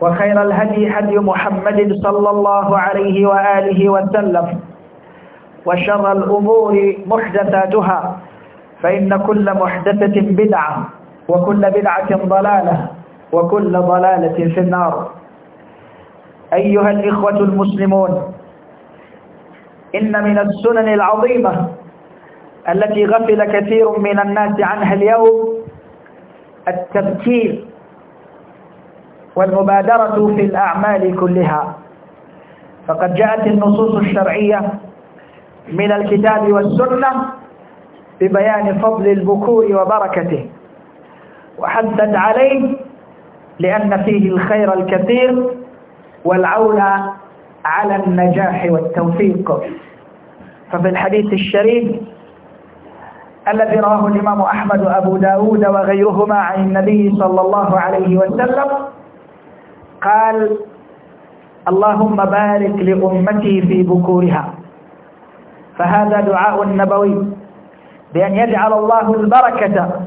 وخير الهدي هدي محمد صلى الله عليه وآله وسلم وشر الأمور محدثاتها فإن كل محدثة بدعة وكل بدعة ضلالة وكل ضلالة في النار أيها الإخوة المسلمون إن من السنن العظيمة التي غفل كثير من الناس عنها اليوم التبكير والمبادرة في الأعمال كلها فقد جاءت النصوص الشرعية من الكتاب والسنة ببيان فضل البكور وبركته وحدد عليه لأن فيه الخير الكثير والعون على النجاح والتوفيق ففي الحديث الشريف الذي رواه الإمام أحمد وأبو داود وغيرهما عن النبي صلى الله عليه وسلم قال اللهم بارك لأمتي في بكورها فهذا دعاء نبوي بأن يجعل الله البركة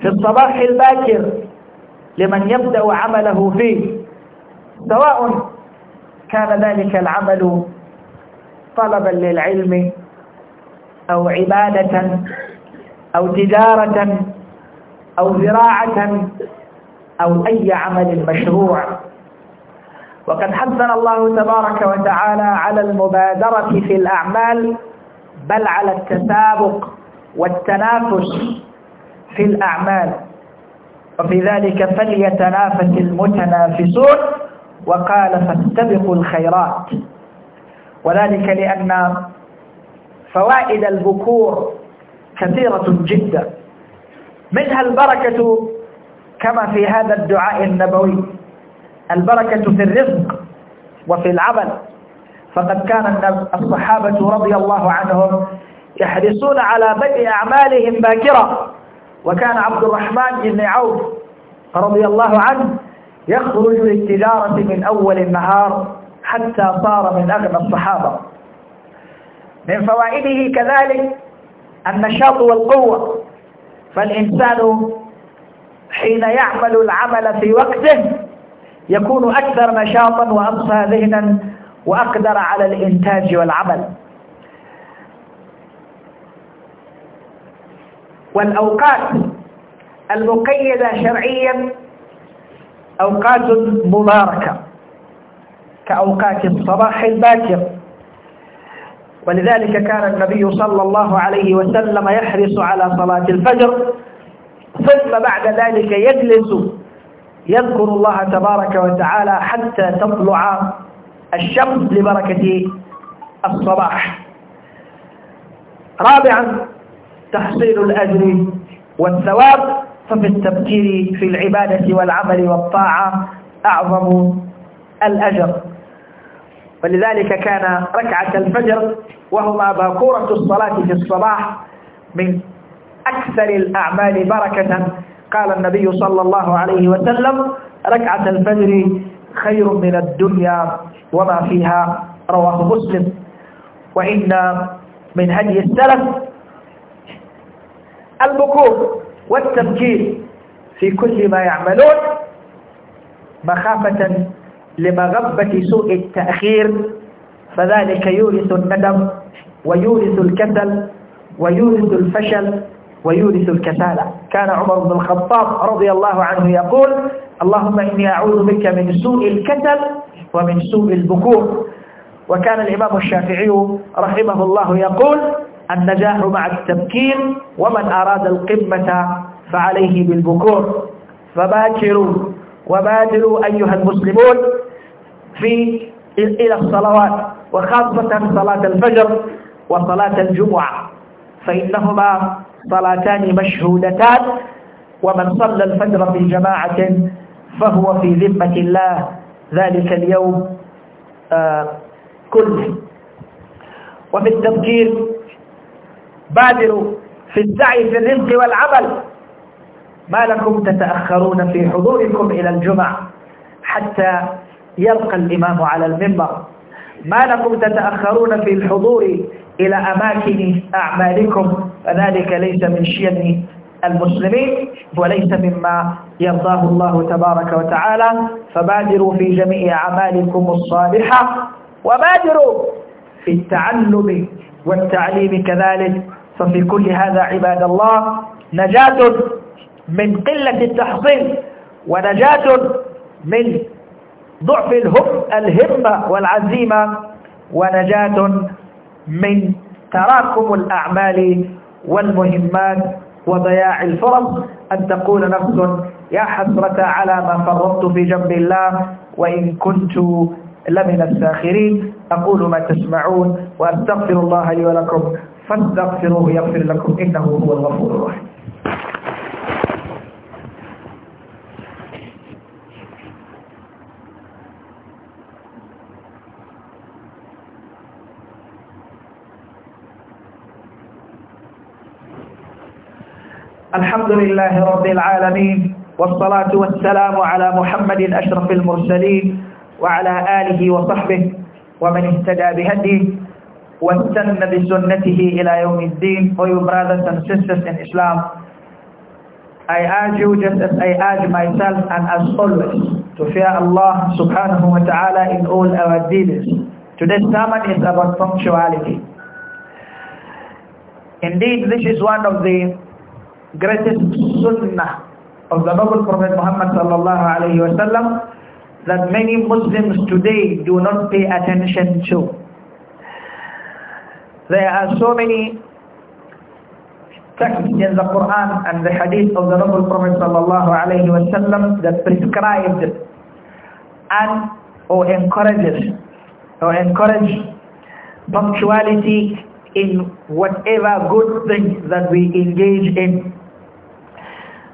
في الصباح الباكر لمن يبدأ عمله فيه سواء كان ذلك العمل طلبا للعلم أو عبادة أو تجارة أو زراعة أو أي عمل مشروع وقد حثنا الله تبارك وتعالى على المبادرة في الأعمال بل على التسابق والتنافس في الأعمال وفي ذلك فليتنافس المتنافسون وقال فاتبقوا الخيرات وذلك لأن فوائد البكور كثيرة جدا منها البركة كما في هذا الدعاء النبوي البركة في الرزق وفي العمل فقد كان الصحابة رضي الله عنهم يحرصون على بدء أعمالهم باكرة وكان عبد الرحمن بن عوف رضي الله عنه يخرج للتجارة من أول النهار حتى صار من أغنى الصحابة من فوائده كذلك النشاط والقوة فالإنسان حين يعمل العمل في وقته يكون أكثر نشاطا وأمصى ذهنا وأقدر على الإنتاج والعمل والأوقات المقيدة شرعيا أوقات مباركة كأوقات الصباح الباكر ولذلك كان النبي صلى الله عليه وسلم يحرص على صلاة الفجر ثم بعد ذلك يجلس يذكر الله تبارك وتعالى حتى تطلع الشمس لبركة الصباح رابعا تحصيل الأجر والثواب ففي التبكير في العبادة والعمل والطاعة أعظم الأجر ولذلك كان ركعة الفجر وهما باكورة الصلاة في الصباح من أكثر الأعمال بركة قال النبي صلى الله عليه وسلم ركعة الفجر خير من الدنيا وما فيها رواه مسلم وإن من هدي السلف البكور والتبكير في كل ما يعملون مخافة لمغبة سوء التأخير فذلك يورث الندم ويورث الكسل ويورث الفشل ويورث الكسالة كان عمر بن الخطاب رضي الله عنه يقول اللهم إني أعوذ بك من سوء الكسل ومن سوء البكور وكان الإمام الشافعي رحمه الله يقول النجاح مع التبكير ومن أراد القمة فعليه بالبكور فباكروا وبادروا أيها المسلمون في إلى الصلوات وخاصة صلاة الفجر وصلاة الجمعة فإنهما صلاتان مشهودتان ومن صلى الفجر في جماعة فهو في ذمة الله ذلك اليوم آه، كله وفي التفكير بادروا في السعي في الرزق والعمل ما لكم تتأخرون في حضوركم إلى الجمعة حتى يلقى الإمام على المنبر ما لكم تتأخرون في الحضور إلى أماكن أعمالكم فذلك ليس من شيم المسلمين وليس مما يرضاه الله تبارك وتعالى فبادروا في جميع أعمالكم الصالحة وبادروا في التعلم والتعليم كذلك ففي كل هذا عباد الله نجاة من قلة التحصيل ونجاة من ضعف الهمة والعزيمة ونجاة من تراكم الأعمال والمهمات وضياع الفرص أن تقول نفس يا حسرة على ما فرطت في جنب الله وإن كنت لمن الساخرين أقول ما تسمعون وأستغفر الله لي ولكم فاستغفروه يغفر لكم إنه هو الغفور الرحيم الحمد لله رب العالمين والصلاة والسلام على محمد أشرف المرسلين وعلى آله وصحبه ومن اهتدى بهدي واستنى بسنته إلى يوم الدين for you brothers and sisters in Islam I urge you just as I urge myself and as always to fear Allah subhanahu wa ta'ala in all our dealings Today's sermon is about punctuality Indeed, this is one of the greatest sunnah of the noble Prophet Muhammad sallallahu alayhi wasallam that many Muslims today do not pay attention to. There are so many texts in the Quran and the hadith of the noble Prophet sallallahu alayhi wasallam that prescribed and or encourages or encourage punctuality in whatever good thing that we engage in.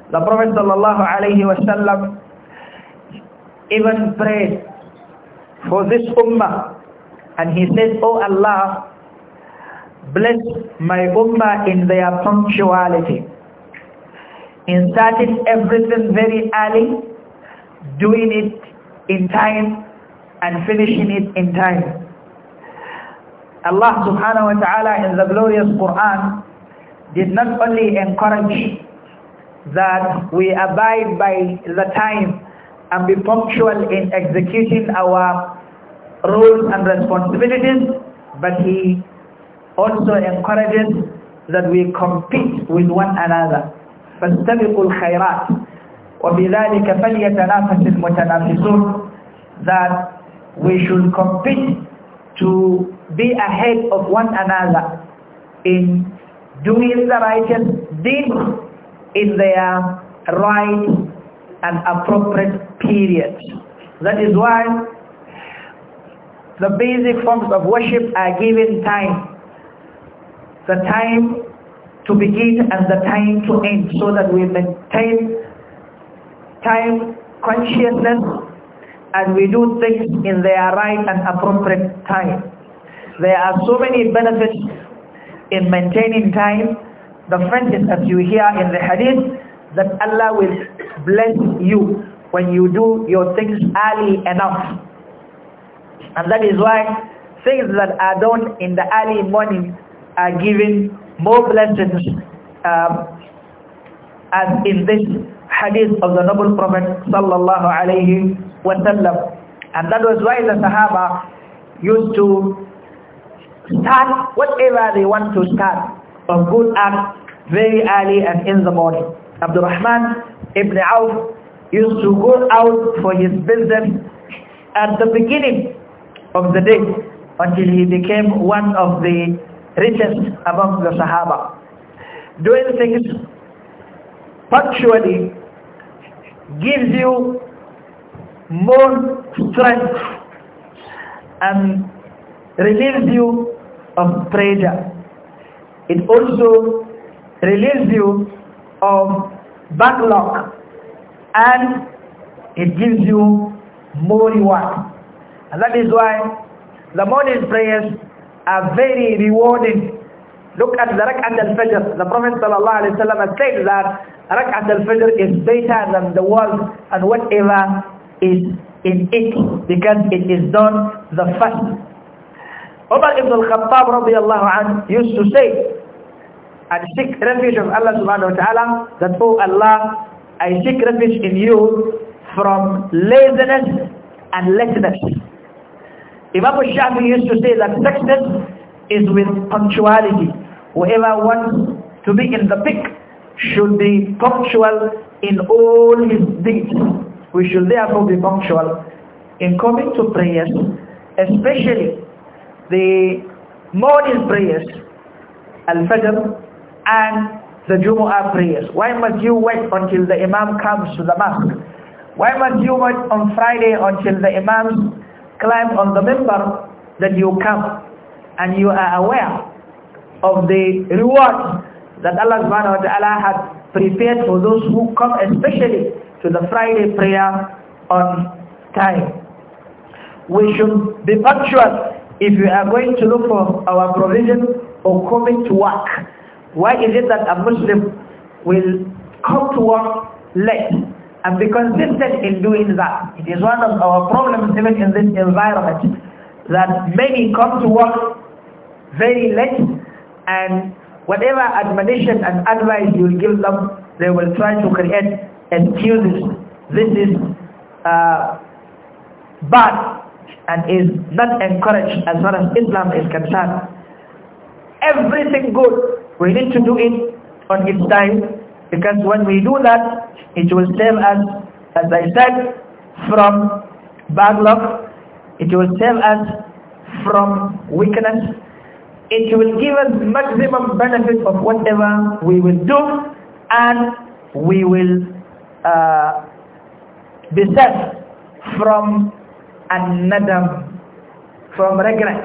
The Prophet sallallahu alaihi wasallam even prayed for this ummah and he said, "Oh Allah, bless my ummah in their punctuality." In starting everything very early, doing it in time and finishing it in time. Allah subhanahu wa ta'ala in the glorious Quran did not only encourage that we abide by the time and be punctual in executing our roles and responsibilities but he also encourages that we compete with one another فاستبقوا الخيرات وبذلك فليتنافس المتنافسون that we should compete to be ahead of one another in doing the righteous deeds in their right and appropriate period. That is why the basic forms of worship are given time. The time to begin and the time to end so that we maintain time consciousness and we do things in their right and appropriate time. There are so many benefits in maintaining time the phrases that you hear in the hadith that Allah will bless you when you do your things early enough. And that is why things that are done in the early morning are given more blessings um, as in this hadith of the noble prophet sallallahu alaihi wasallam and that was why the sahaba used to start whatever they want to start of good act very early and in the morning. Rahman ibn Auf used to go out for his business at the beginning of the day until he became one of the richest among the Sahaba. Doing things punctually gives you more strength and relieves you of pressure. It also relieves you of backlog and it gives you more reward. And that is why the morning prayers are very rewarding. Look at the Rak'at al-Fajr. The Prophet ﷺ said that Rak'at al-Fajr is better than the world and whatever is in it because it is done the first. Umar ibn al-Khattab radiallahu anhu used to say and seek refuge of Allah subhanahu wa ta'ala that oh Allah I seek refuge in you from laziness and laziness Imam Shafi used to say that success is with punctuality whoever wants to be in the peak should be punctual in all his deeds we should therefore be punctual in coming to prayers especially the morning prayers al-fajr and the Jumu'ah prayers? Why must you wait until the Imam comes to the mosque? Why must you wait on Friday until the Imams climb on the member that you come and you are aware of the reward that Allah subhanahu wa ta'ala has prepared for those who come especially to the Friday prayer on time. We should be punctual if we are going to look for our provision or coming to work why is it that a Muslim will come to work late and be consistent in doing that? It is one of our problems even in this environment that many come to work very late and whatever admonition and advice you give them, they will try to create excuses. This is uh, bad and is not encouraged as far as Islam is concerned. Everything good we need to do it on its time because when we do that, it will save us, as I said, from bad luck. It will save us from weakness. It will give us maximum benefit of whatever we will do and we will uh, be saved from another, from regret.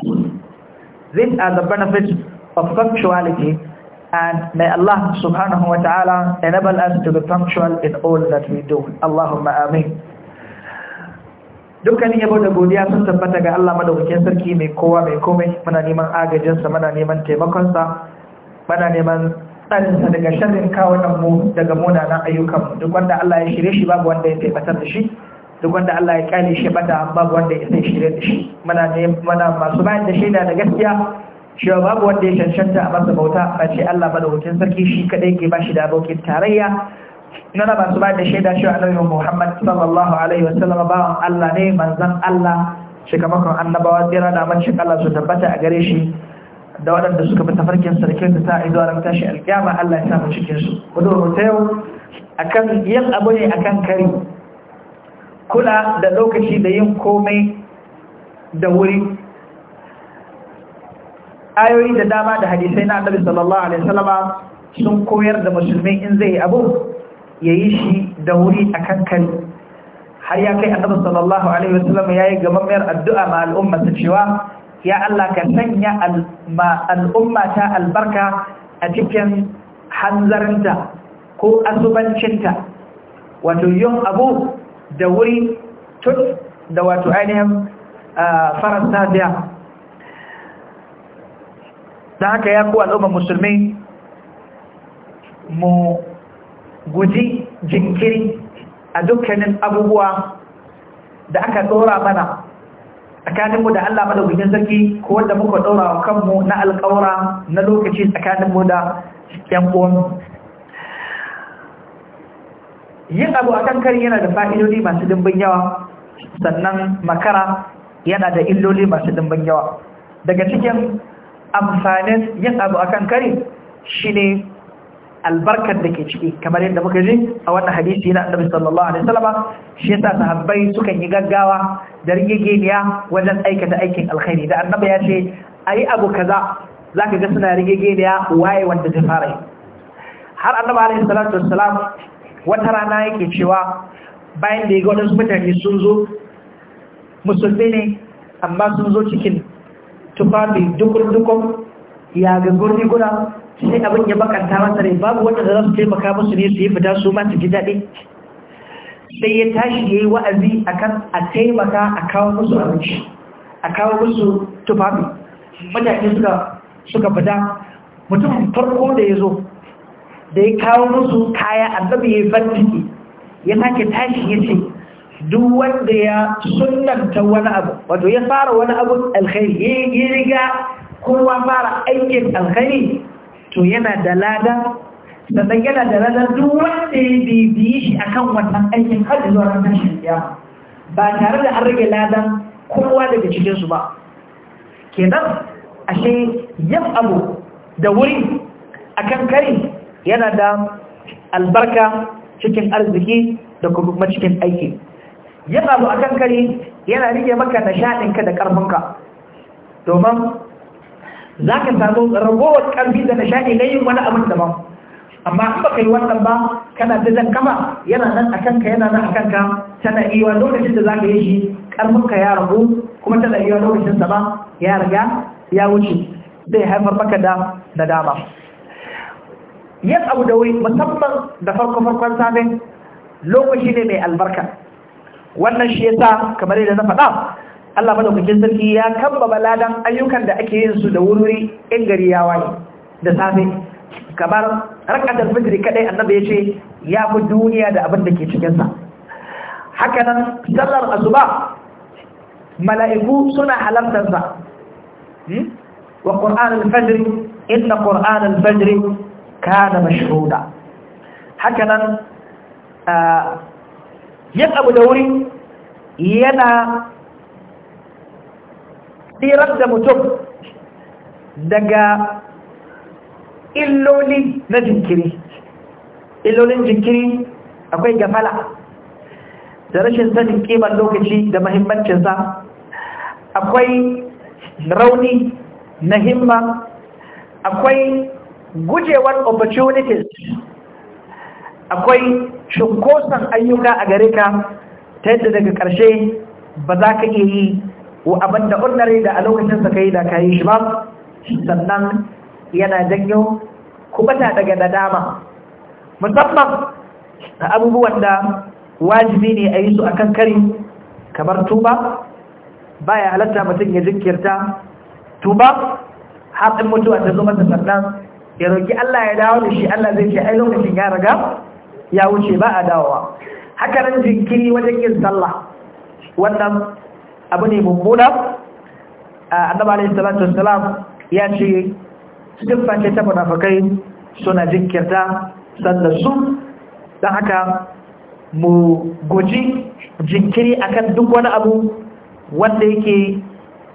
These are the benefits of punctuality And may Allah subhanahu wa ta'ala enable us to be punctual in all that we do. Allahumma ameen. Dukkanin yabo da godiya sun tabbata ga Allah madaukakin sarki mai kowa mai komai muna neman agajinsa muna neman taimakonsa muna neman tsarinsa daga sharrin kawunan mu daga munanan ayyukan duk wanda Allah ya shirye shi babu wanda ya taimatar da shi duk wanda Allah ya kyale shi bada babu wanda ya sai shirye da shi muna neman masu bayar da shaida da gaskiya shi babu wanda ya cancanta a masa bauta a ce Allah madaukakin sarki shi kadai ke ba shi da abokin tarayya nuna ba su ba da shaida shi annabi Muhammad sallallahu alaihi wasallam bawan Allah ne manzan Allah shikamakon annabawa tsira da mancin Allah su tabbata a gare shi da waɗanda suka fi tafarkin sarkin da ta izuwa ran tashi alƙiyama Allah ya samu cikin su kudu ta yau akan yin abu ne akan kari kula da lokaci da yin komai da wuri ayoyi da dama da hadisai na annabi sallallahu alaihi wasallama sun koyar da musulmi in zai abu yayi shi da wuri a kankari har ya kai annabi sallallahu alaihi wasallama yayi gamammiyar addu'a ma al'umma ta cewa ya Allah ka sanya al'umma ta albarka a cikin hanzarinta ko asubancinta wato yin abu da wuri tun da wato ainihin ah, faranta biya da haka ya kuwa al'ummar musulmi mu guji jinkiri a dukkanin abubuwa da aka tsora mana tsakaninmu da Allah madaukakin sarki ko wanda muka tsora wa kanmu na alƙawara na lokaci tsakaninmu da yan uwan yin abu akan kari yana da fa'idodi masu dimbin yawa sannan makara yana da illoli masu dimbin yawa daga cikin amfanin yin abu a akan kare ne albarkar da ke ciki kamar yadda muka ji a wannan hadisi na annabi sallallahu alaihi wasallam shi yasa sahabbai sukan yi gaggawa da rigegeniya wajen aikata aikin alkhairi da annabi ya ce ayi abu kaza zaka ga suna geniya waye wanda zai fara yi har annabi alaihi salatu wassalam wata rana yake cewa bayan da ya ga wadansu mutane sun zo musulmi ne amma sun zo cikin tufafi dukkan ya ga gurbi guda sai abin ya bakanta masa ne babu wanda za su taimaka musu ne su yi fita su ma su ji daɗi sai ya tashi ya yi wa'azi a kan a taimaka a kawo musu abinci a kawo musu tufafi mutane suka suka fita mutum farko da ya zo da ya kawo musu kaya annabi ya yi fantiki ya sake tashi ya ce duk wanda ya sunanta wani abu wato ya fara wani abu alkhairi ya riga kuma fara aikin alkhairi to yana da lada sannan yana da lada duk wanda ya bibiyi shi akan wannan aikin har zuwa ranar shirya ba tare da an rage ladan kowa daga cikinsu ba kenan ashe yin abu da wuri akan kari yana da albarka cikin arziki da kuma cikin aiki yin abu a kan yana rike maka nishaɗinka da ƙarfinka domin za ka samu ragowar ƙarfi da nishaɗi na yin wani abin daban amma in ka yi wannan ba kana zan kama yana nan a kanka yana nan a kanka tana iya lokacin da za ka yi shi ƙarfinka ya ragu kuma tana iya lokacin sa ba ya riga ya wuce zai haifar maka da dama yin abu da wuri musamman da farko farkon safe lokaci ne mai albarka wannan shi yasa kamar yadda na faɗa Allah madaukakin sarki ya kamba ladan ayyukan da ake yin su da wuri in gari ya waye da safe kamar rakatul fajr kadai annabi yace ya fi duniya da abin da ke cikin sa haka nan sallar mala'iku suna halartar sa hmm? wa qur'an al-fajr inna qur'an al-fajr kana mashhuda haka nan ah, Yan abu da wuri yana tsirar da mutum daga illoli na jinkiri illolin jinkiri akwai gafala da rashin sanin kimar lokaci da mahimmancinsa akwai rauni na himma akwai gujewar opportunities akwai shinkosan ayyuka a gare ka ta yadda daga ƙarshe ba za ka iya yi wa abin da ordinary da a lokacin sa kai da kayi shi ba sannan yana janyo kubata daga da dama musamman a abubuwan da wajibi ne a yi su akan kari kamar tuba ya halatta mutum ya jinkirta tuba har in mutuwa ta zo masa sannan ya roki Allah ya dawo da shi Allah zai ce ai lokacin ya riga ya wuce ba a dawowa haka nan jinkiri wajen yin sallah wannan abu ne mummuna annaba alayhi salatu wassalam ya ce cikin ce ta munafikai suna jinkirta sannan su don haka mu guji jinkiri akan duk wani abu wanda yake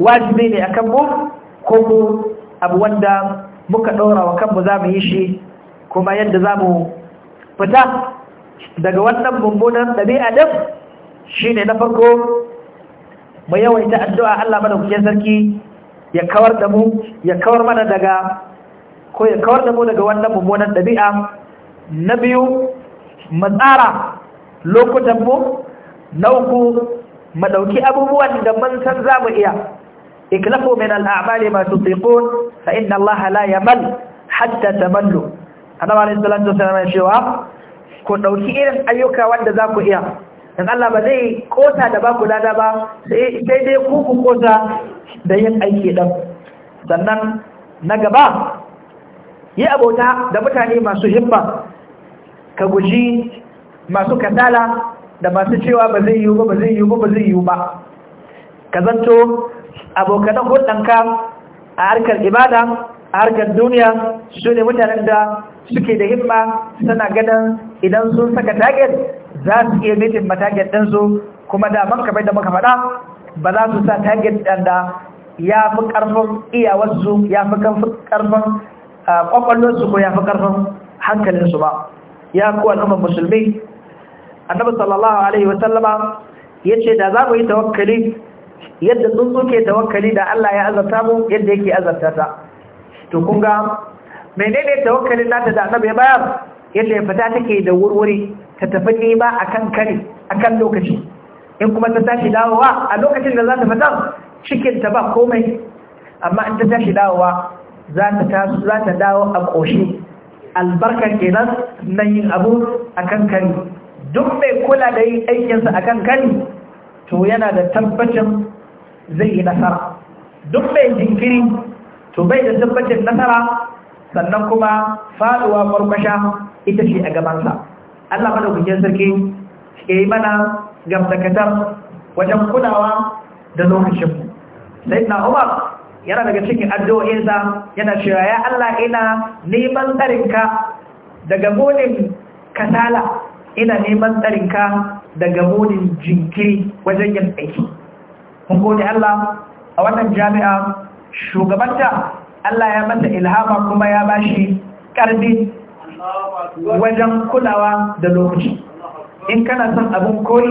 wajibi ne akan mu ko abu wanda muka ɗora wa kanmu za mu yi shi kuma yadda za mu fita daga wannan mummunan ɗabi'a ɗin shi ne na farko mu yawaita addu'a Allah mana sarki ya kawar da mu ya kawar mana daga ko ya kawar da mu daga wannan mummunan ɗabi'a na biyu matsara lokutan mu na uku mu ɗauki abubuwan da mun san za mu iya iklafu min al'amali masu tsiƙon fa inna Allah la yamal hatta mallu. Adam alaihi salatu wasallam cewa ku ɗauki irin ayyuka wanda za ku iya dan Allah ba zai kota da ba ku lada ba sai dai ku ku kota da yin aiki dan sannan na gaba yi abota da mutane masu himma ka guji masu kasala da masu cewa ba zai yiwu ba ba zai yiwu ba ba zai yi ba ka zanto abokan hulɗanka a harkar ibada a harkar duniya su ne mutanen da suke da himma suna ganin idan sun saka target za su iya mitin mataget ɗinsu kuma da daman bai da muka faɗa ba za su sa target ɗin da ya fi ƙarfin iyawarsu ya fi ƙarfin ƙwaƙwallonsu ko ya fi ƙarfin hankalinsu ba ya kuwa al'ummar musulmi annabi sallallahu alaihi wasallama ya ce da za mu yi tawakkali yadda tsuntsu ke tawakkali da Allah ya azarta mu yadda yake azarta ta to kun ga menene tawakkalin nata da annabi ya bayar yadda ya fita take da wurwuri ta tafi nema akan kare akan lokaci in kuma ta tashi dawowa a lokacin da za ta fita cikin ta ba komai amma in ta tashi dawowa za ta za ta dawo a koshi albarka kenan na yin abu akan kare duk mai kula da yin aikinsa akan kare to yana da tabbacin zai yi nasara duk mai jinkiri to bai da tabbacin nasara sannan kuma faɗuwa farkwasha ita ce a gabansa Allah madaukakin sarki ya yi mana gamsakatar wajen kulawa da lokacin sai na umar yana daga cikin addu'o'insa yana cewa ya Allah ina neman tsarinka daga munin kasala ina neman tsarinka daga munin jinkiri wajen yin aiki mun Allah a wannan jami'a shugabanta Allah ya masa ilhama kuma ya bashi karfi wajen kulawa da lokaci in kana son abin koyi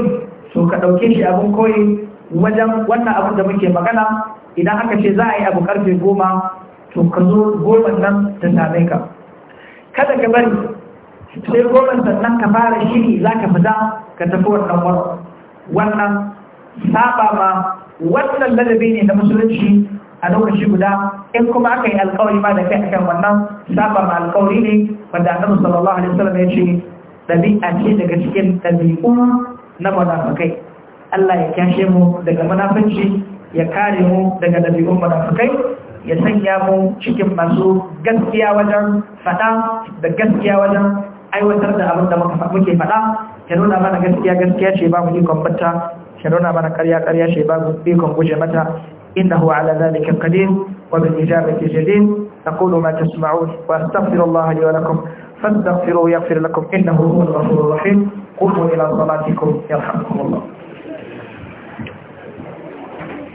to ka ɗauke shi abin koyi wajen wannan abin da muke magana idan aka ce za a yi abu karfe goma to ka zo goma nan ta same ka kada ka bari sai goma sannan ka fara shiri za ka fita ka tafi wannan wannan saba ma wannan ladabi ne na musulunci a lokaci guda in kuma aka yi alkawari ma da kai akan wannan saba ma alkawari ne wanda annabi sallallahu alaihi wasallam ya ce dabi'a ce daga cikin dabi'u na munafikai Allah ya kyashe mu daga munafici ya kare mu daga ɗabi'u munafikai ya sanya mu cikin masu gaskiya wajen fada da gaskiya wajen aiwatar da abin da muke fada ya nuna mana gaskiya gaskiya ce ba mu ikon bata ya nuna mana karya karya ce ba mu ikon guje mata إنه على ذلك قدير وبالإجابة جديد أقول ما تسمعون وأستغفر الله لي ولكم فاستغفروا يغفر لكم إنه هو الغفور الرحيم قوموا إلى صلاتكم يرحمكم الله